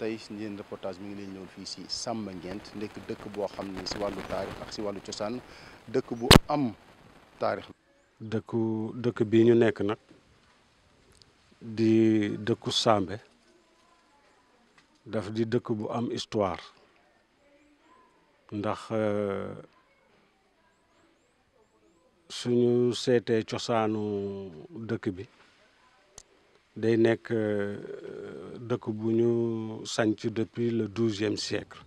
tey seen reportage mi ngi leen ñëw fii si Samba Ngent nekk dëkk boo xam ne si wàllu taarix ak si wàllu cosaan dëkk bu am taarix. dëkku dëkk bii ñu nekk nag di dëkku Sambe daf di dëkk bu am histoire ndax euh, suñu seetee cosaanu dëkk bi. day nekk euh, dëkk bu ñu sanc depuis le douzième siècle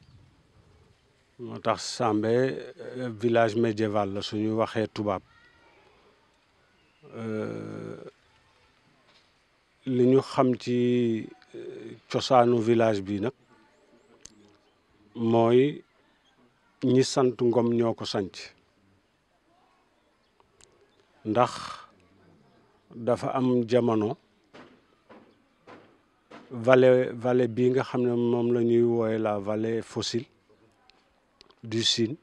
moo tax Sambé euh, village médiéval la suñu waxee tubaab euh, li ñu xam ci cosaanu village bi nag mooy ñi sant Ngom ñoo ko sanc ndax dafa am jamono vallée vallée bii nga xam ne moom lañuy ñuy la vallée fossile du Sine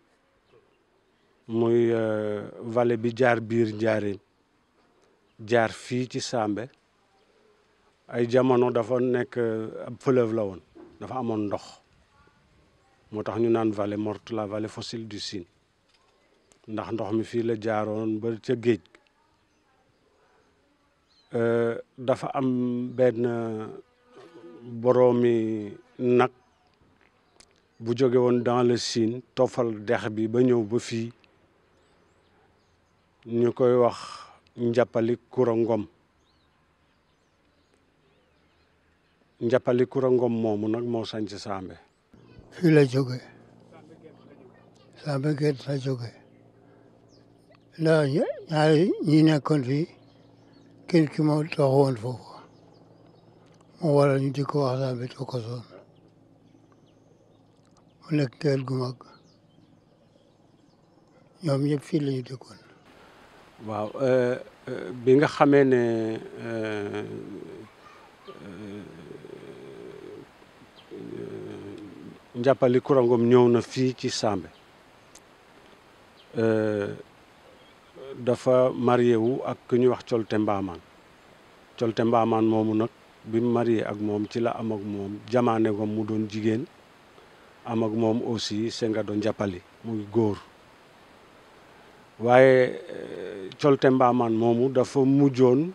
muy euh, vale bi jaar biir njaareem jaar fii ci Sambé ay jamono dafa nekk euh, ab fleuve la woon dafa amoon ndox moo tax ñu naan vallée morte la vallée du Sine ndax ndox mi fii la jaaroon ba ca géej euh, dafa am benn boroomi nag bu jóge woon dans le Sine tofal dex bi ba ñëw ba fii ñu koy wax njàppali Koura Ngom njàppali Koura Ngom moomu nag moo sanc Sambe fii la joge Sambe Gueye fa jóge ndax ñaari ñi nekkoon fii kenn ki moo taxawoon foofu wala ñu di ko waxtaan bi ko mu nekk kër gu mag ñoom yëpp fii la ñu dëkkoon waaw euh, euh, bi nga xamee ne euh, njàppali kurangom ñëw na fii ci Sambé dafa marié wu ak ku ñuy wax colte mbaamaan colte mbaamaan moomu nag bi mari ak moom ci la am ak moom jamaane ko mu doon jigéen am ak moom aussi Sengado Njàppali muy góor waaye eh, colte mbaaman moomu dafa mujjoon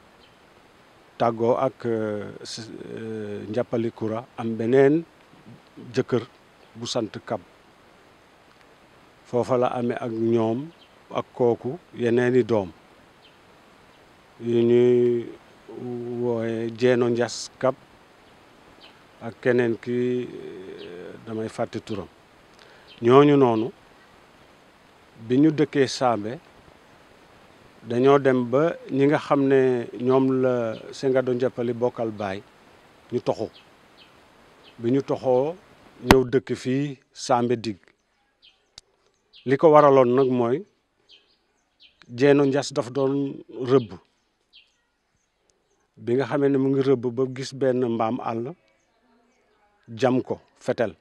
tàggoo ak eh, eh, Njàppali Kura am beneen jëkkër bu sant Kab foofa la amee ak ñoom ak kooku yeneeni doom yu ñuy wooye Jeeno Njas Kab ak keneen ki eh, damay fàtte turam ñooñu noonu bi ñu dëkkee Sambé dañoo dem ba ñi nga xam ne ñoom la Singado Ndiappali bokkal baay ñu toxu bi ñu toxoo ñëw dëkk fii Sambé digg li ko waraloon nag mooy Jeeno Njas daf doon rëbb bi nga xamee ne mu ngi rëbb ba gis benn mbaam àll jam ko fetel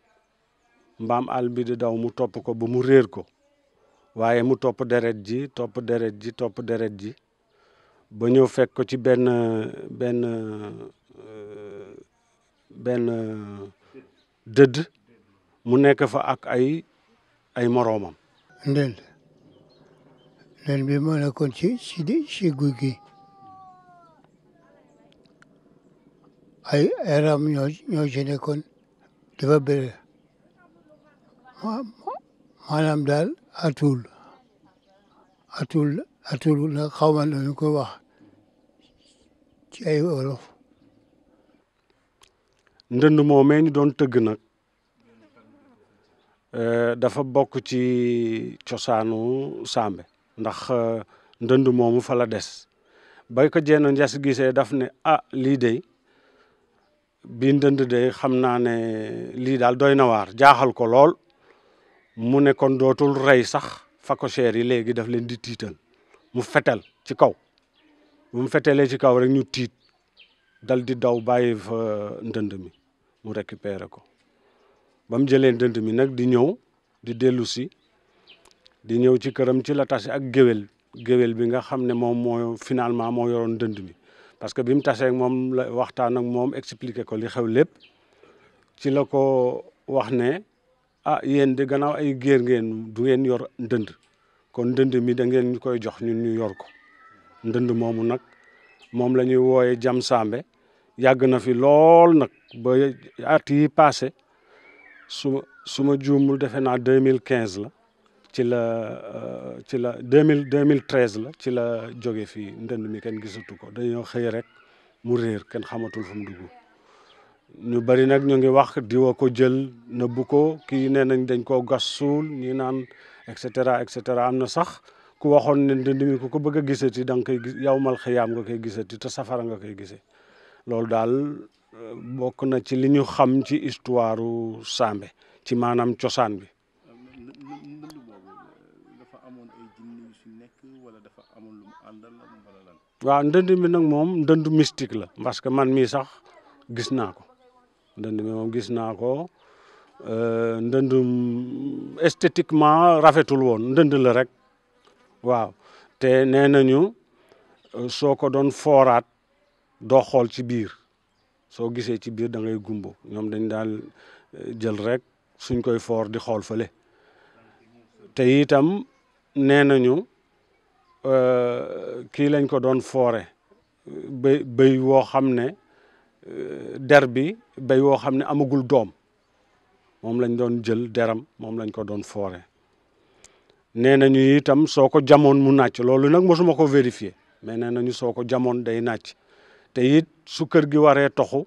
mbaam àll bi di daw mu topp ko ba mu réer ko waaye mu topp deret ji topp deret ji topp deret ji ba ñëw fekk ko ci benn benn benn dëdd mu nekk fa ak ay ay moroomam ndel ndel bi moo nekkoon ci ci guy gi ay eram ñoo ñoo ci nekkoon dafa bëre maanaam daal atul atul atul nag xaw ma nu ko wax ci ay wolof ndënd moomee ñu doon tëgg nag eh, dafa bokk ci cosaanu Sambe ndax eh, ndënd moomu fala des bay ko jenn njas gisee daf ne ah lii dey bi ndënd de xam naa ne lii daal doy na waar jaaxal ko lool mu nekkoon dootul rey sax phacochère yi léegi daf leen di tiital mu fetel ci kaw bu mu fetelee ci kaw rek ñu tiit dal di daw bàyyi fa ndënd mi mu récupérer ko ba mu jëlee ndënd mi nag di ñëw di dellusi di ñëw ci këram ci la tase ak géwél géwél bi nga xam ne moom mooy finalement moo yoroon ndënd mi parce que bi mu tasee moom la waxtaan ak moom expliqué ko li xew lépp ci la ko wax ne ah yend de gannaaw ay géer ngeen du ngeen yor ndënd kon ndënd mi da ngeen ñu koy jox ñun ñu yor ko ndënd moomu nag moom la ñuy wooye jam sambe yàgg na fi lool nag ba at yi passé su su ma juumul defe naa deux mille quinze la ci la euh, ci la deux mille deux mille treize la ci la jóge fi ndënd mi kenn gisatu ko dañoo xëy rek mu réer kenn xamatul fu mu ñu bari nag ñu ngi wax diwa ko jël nëbbu ko kii nee nañ dañ ko gas suul ñi naan et cetera et cetera am na sax ku waxoon ne ndënd mi ku ko bëgg a gisati da nga koy gis yow mal xiyaam nga koy gisati te safara nga koy gisee loolu daal euh, bokk na ci li ñu xam ci histoire Sambé ci maanaam cosaan bi. waaw ndënd mi nag moom ndënd mystique la parce que man mii sax gis naa ko ndënd mi moom gis naa ko euh, ndëndum esthétiquement rafetul woon ndënd la rek waaw te nee nañu euh, soo ko doon fooraat doo xool ci biir soo gisee ci biir da ngay gumbo ñoom dañ daal euh, jël rek suñ koy foor di xool fële te itam nee nañu kii lañ ko doon foore béy béy woo xam ne euh, der bi béy woo xam ne amagul doom moom lañ doon jël deram moom lañ ko doon foore nee nañu itam soo ko jamoon mu nàcc loolu nag mosuma ko vérifier mais nee nañu soo ko jamoon day nàcc te it su kër gi waree toxu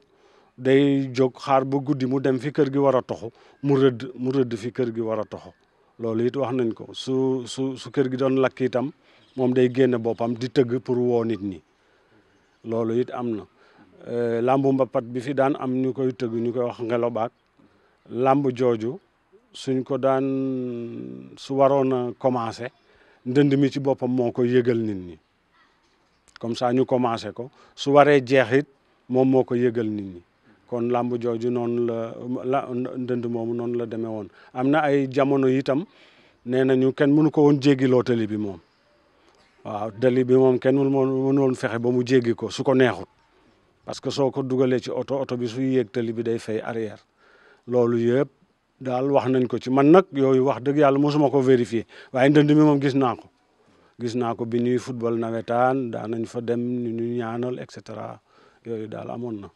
day jóg xaar ba guddi mu dem fi kër gi war a toxu mu rëdd mu rëdd fi kër gi war a toxu loolu it wax nañ ko su su su kër gi doon lakk itam moom day génn boppam di tëgg pour woo nit ñi loolu it am na eh, làmbu mbapat bi fi daan am ñu koy tëgg ñu koy wax ngelo baag làmb jooju suñ ko daan su waroon commencé ndënd mi ci boppam moo koy yëgal nit ñi comme ça ñu commencé ko su waree jeexit moom moo ko yëgal nit ñi kon làmb jooju noonu la la ndënd moomu noonu la demee woon am na ay jamono itam nee nañu kenn mënu ko woon jéggi lootali bi moom waaw dali bi moom kenn mënu woon fexe ba mu jéggi ko su ko neexut parce que soo ko dugalee ci oto oto bi suy yéeg tali bi day fay arrière loolu yëpp daal wax nañ ko ci man nag yooyu wax dëgg yàlla mosuma ko vérifier waaye ndënd mi moom gis naa ko gis naa ko bi ñuy football nawetaan daan nañ fa dem ñu ñu ñaanal et cetera yooyu daal amoon na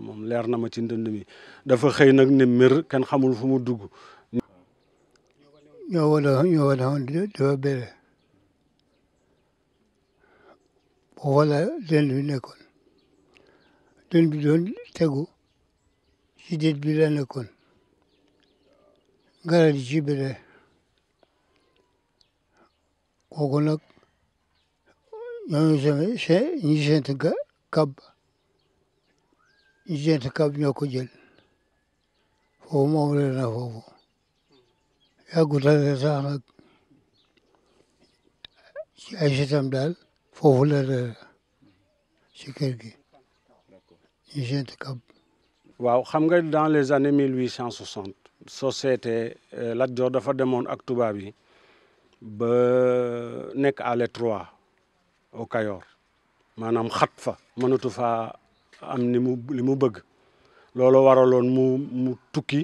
moom leer na ma ci ndënd mi dafa xëy nag ne kenn xamul fu mu dugg. wala dën bi nekkoon dën bi doon tegu ci déet bi la nekkoon ngara di ci bere kooku nag ñooñu sama se kab ñi kab ñoo ko jël foofu moom la na foofu yàggu tare sax nag ci ay setam daal foofu ci kër gi hygiène Kabb waaw xam nga dans les années mille huit cent soixante société euh, Lat Joor dafa demoon ak tubaab yi ba nekk à l'étroit au Kayoor maanaam xat fa mënatu faa am ni mu mu bëgg loolu waraloon mu mu tukki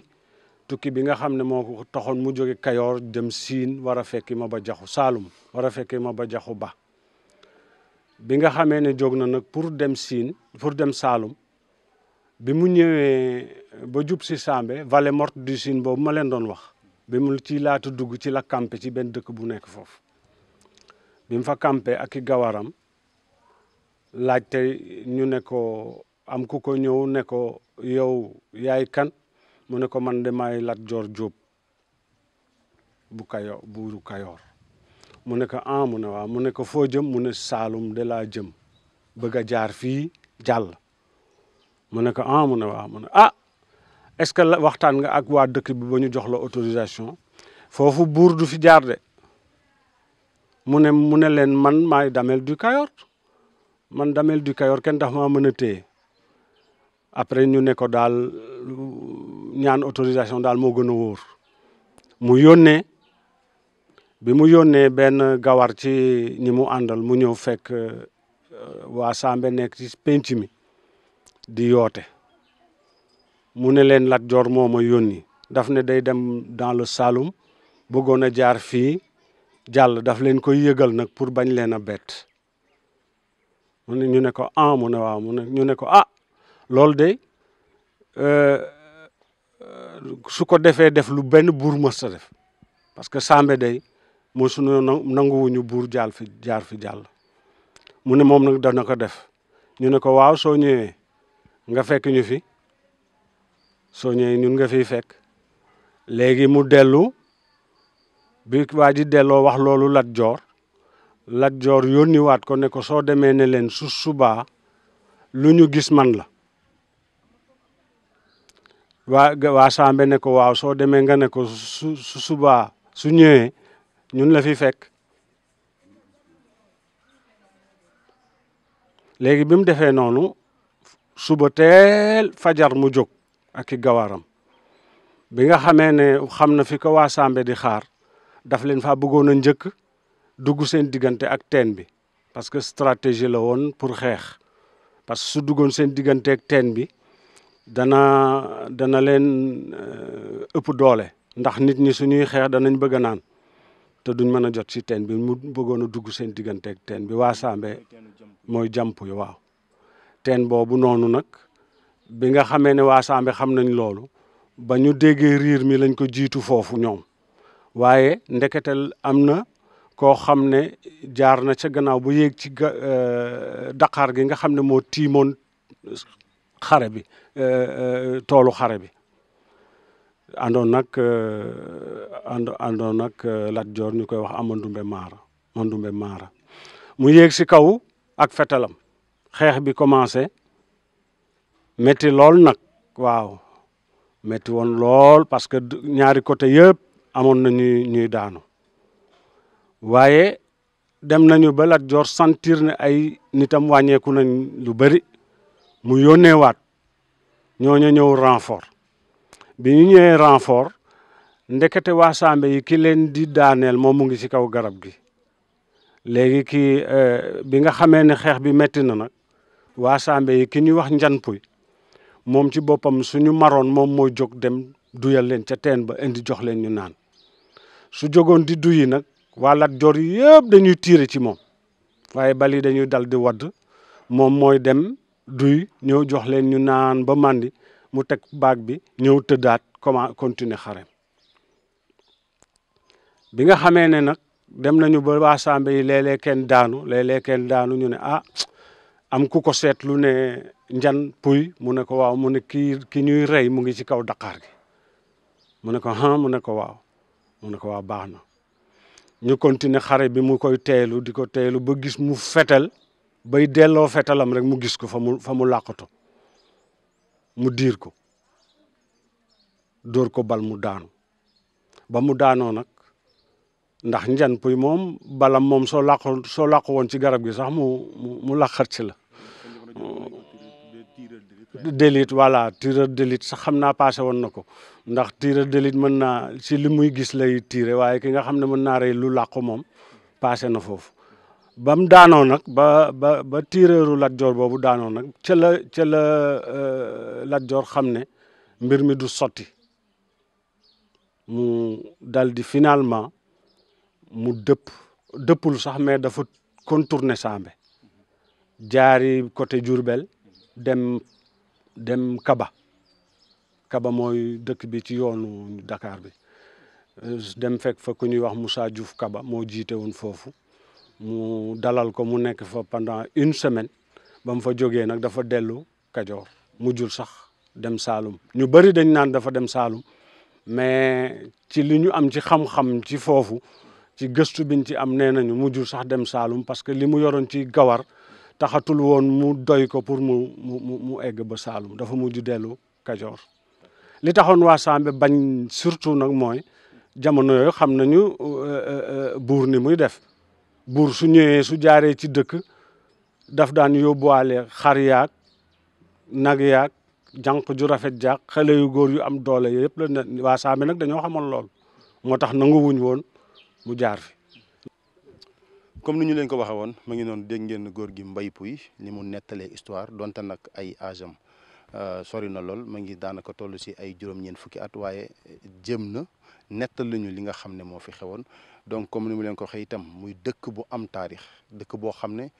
tukki bi nga xam ne moo ko taxoon mu jóge Kayoor dem Siin war a fekki ma ba jaxu Saalum war a fekki ma ba jaxu ba bi nga xamee ne jóg na nag pour dem Siin pour dem Saalum bi mu ñëwee ba jub si Sambé vallée morte du Sine boobu ma leen doon wax bi mu ci laata dugg ci la campé ci benn dëkk bu nekk foofu bi mu fa campé ak i gawaram laajte ñu ne ko am ku ko ñëw ne ko yow yaay kan mu ne ko man de maay Lat Joor Jóob bu Kayoor Kayoor mu ne ko ah mu ne waaw mu ne ko foo jëm mu ne Saalum de laa jëm bëgg a jaar fii jàll mu ne ko ah mu ne waaw mu ne ah est-ce que waxtaan nga ak waa dëkk bi ba ñu jox la autorisation foofu buur du fi jaar de mu ne mu ne leen man maa Damel du Kayor man Damel du Kayor kenn tax maa mën a téye après ñu ne ko daal ñaan autorisation daal moo gën a wóor mu yónnee bi mu yónnee benn gawar ci ñi mu àndal mu ñëw fekk euh, waa Sambe nekk ci penc mi di yoote mu ne leen Lat Joor moo ma yónni daf ne day dem dans le Saloum bëggoon a jaar fii jàll daf leen ko yëgal nag pour bañ leen a bett mu ne ñu ne ko ah mu ne waaw mu ne ñu ne ko ah loolu de euh, euh, su ko defee def lu benn buur mës def parce que Sambe day mu sunu nanguwuñu buur jaal fi jaar fi jàll mu ne moom nag dana ko def ñu ne ko waaw soo ñëwee nga fekk ñu fi soo ñëwee ñun nga fiy fekk léegi mu dellu bi waa ji delloo wax loolu Lat Joor Lat Joor yónniwaat ko ne ko soo demee ne leen su subaa lu ñu gis man la waa waa Sambe ne ko waaw soo demee nga ne ko su su subaa su ñëwee ñun la fi fekk léegi bi mu defee noonu suba teel fajar mu jóg ak i gawaram bi nga xamee ne xam na fi ko waa Sàmbe di xaar daf leen fa bëggoon a njëkk dugg seen diggante ak teen bi parce que stratégie la woon pour xeex parce que su duggoon seen diggante ak teen bi dana dana leen euh, ëpp doole ndax nit ñi suñuy xeex danañ bëgg a naan te duñ mën a jot si teen bi mu bëggoon a dugg seen digganteeg teen bi waa Sambe mooy jàmp yi teen boobu noonu nag bi nga xamee ne waa Sambe xam nañ loolu ba ñu déggee riir mi lañ ko jiitu foofu ñoom waaye ndeketel am na koo xam ne jaar na ca gannaaw bu yéeg ci euh, daqaar gi nga xam ne moo tiimoon xare bi euh, euh, toolu xare bi àndoon nag euh, ànd àndoon nag euh, Lat Joor ñu koy wax Amandumbe Maara Amandumbe Maara mu yéeg si kaw ak fetalam xeex bi commencé métti lool nag waaw métti woon lool parce que ñaari côté yëpp amoon na ñuy ñuy daanu waaye dem nañu ba Lat Joor sentir ne ay nitam wàññeeku na lu bëri mu yónneewaat ñooñu ñëw renfort bi ñu ñëwee renfort ndekete waa Sambé yi ki leen di daaneel moom mu ngi ci kaw garab gi léegi kii euh, bi nga xamee ne xeex bi metti na nag waa Sambé yi ki ñuy wax njanpuy moom ci boppam suñu maroon moom moo jóg dem duyal leen ca teen ba indi jox leen ñu naan su jógoon di duyi nag waa Lat Joor yi yëpp dañuy tiire ci moom waaye bali dañuy dal di wadd moom mooy dem duy ñëw jox leen ñu naan ba màndi mu teg baag bi ñëw tëddaat comment continuer xarem bi nga xamee ne nag dem nañu ba waa Sambe yi kenn daanu léeg kenn daanu ñu ne ah am ku ko seetlu ne njan puy mu ne ko waaw mu ne kii ki ñuy rey mu ngi ci kaw daqaar gi mu ne ko ah mu ne ko waaw mu ne ko waaw baax na ñu continuer xare bi mu koy teelu di ko teelu ba gis mu fetal bay delloo fetalam rek mu gis ko fa mu fa mu làqatu mu diir ko dóor ko bal mu daanu ba mu daanoo nag ndax njan puy moom balam moom soo làqu soo làqu ci garab gi sax mu mu làqat ci la euh, d'élite voilà tireur d'élite sax xam naa passé woon na ko ndax tireur d'élite mën naa si li muy gis lay tiire waaye ki nga xam ne mën naa rey lu làqu moom passé na foofu bam daanoo nag ba ba ba tiireeru Lat boobu daanoo nag ca la ca la euh, Lat xam ne mbir mi du sotti mu daldi di finalement mu dëpp dëppul sax mais dafa contourner Sambé jaari côté jurbel dem dem Kaba Kaba mooy dëkk bi ci yoonu dakaar bi euh, dem fekk fa ñuy wax Moussa Diouf Kaba moo jiite woon foofu mu dalal ko mu nekk fa pendant une semaine ba mu fa jogee nag dafa dellu Kajoor mujjul sax dem Saalum ñu bëri dañ naan dafa dem Saalum mais ci li ñu am ci xam-xam ci foofu ci gëstu biñ ci am nee nañu mujjul sax dem Saalum parce que li mu yoroon ci gawar taxatul woon mu doy ko pour mu mu mu egg ba Saalum dafa mujj dellu Kajoor li taxoon waa Sambe bañ surtout nag mooy jamono yooyu xam nañu euh, euh, euh, buur ni muy def buur su ñëwee su jaaree ci dëkk daf daan yóbbuwaale xar yaag nag yaag janq ju rafet jaag xale yu góor yu am doole yëpp la waa Saame nag dañoo xamoon lool moo tax nangu wuñ woon mu jaar fi. comme ni ñu leen ko waxee woon ma ngi noonu dégg ngeen góor gi mbay puy ni mu nettalee histoire donte nag ay âge Euh, sori na lool ma ngi daanaka toll si ay juróom-ñeent fukki at waaye jëm na nettal lañu li nga xam ne moo fi xewoon donc comme ni mu leen ko waxee itam muy dëkk bu am dëkk boo xam ne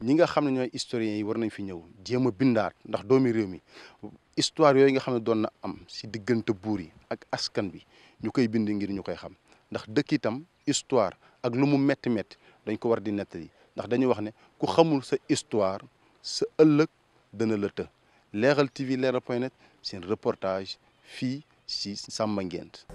ñi nga xam ne ñooy historiens yi war nañ fi ñëw jéem a bindaat ndax doomi réew mi histoire yooyu nga xam ne doon na am si diggante buur yi ak askan bi ñu koy bind ngir ñu koy xam ndax dëkk itam histoire ak lu mu métti mett dañ ko war di nettali ndax dañuy wax ne ku xamul sa istoire sa ëllëg dana la të leeral TV leeral point net seen reportage fii si Samba Ngent